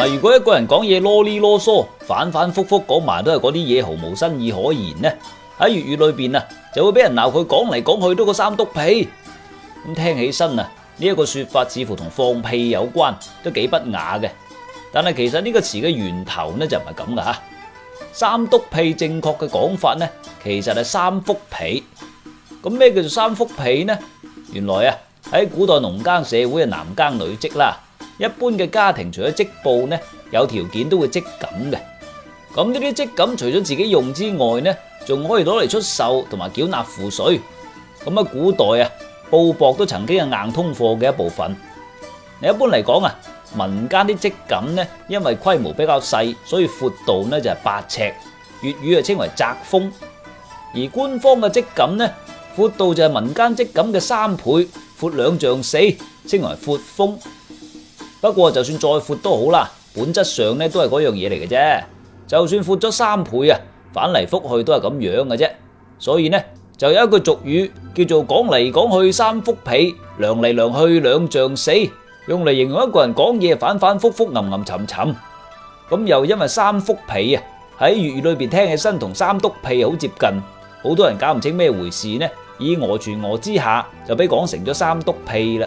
嗱，如果一個人講嘢囉哩囉嗦，反反复覆講埋都係嗰啲嘢，毫無新意可言呢？喺粵語裏邊啊，就會俾人鬧佢講嚟講去都個三篤屁。咁聽起身啊，呢、這、一個說法似乎同放屁有關，都幾不雅嘅。但係其實呢個詞嘅源頭呢就唔係咁啦吓。三篤屁正確嘅講法呢，其實係三幅屁。咁咩叫做三幅屁呢？原來啊喺古代農耕社會嘅男耕女織啦。一般嘅家庭除咗織布呢，有條件都會織錦嘅。咁呢啲織錦除咗自己用之外呢，仲可以攞嚟出售同埋繳納賦稅。咁啊，古代啊，布帛都曾經係硬通貨嘅一部分。你一般嚟講啊，民間啲織錦呢，因為規模比較細，所以闊度呢就係八尺，粵語啊稱為窄風。而官方嘅織錦呢，闊度就係民間織錦嘅三倍，闊兩丈四，稱為闊風。不過就算再闊都好啦，本質上呢都係嗰樣嘢嚟嘅啫。就算闊咗三倍啊，翻嚟覆去都係咁樣嘅啫。所以呢就有一句俗語叫做講嚟講去三幅被，量嚟量去兩丈四，用嚟形容一個人講嘢反反复覆、暗暗沉沉。咁又因為三幅被啊喺粵語裏邊聽起身同三篤屁好接近，好多人搞唔清咩回事呢，以訛傳訛之下就俾講成咗三篤屁啦。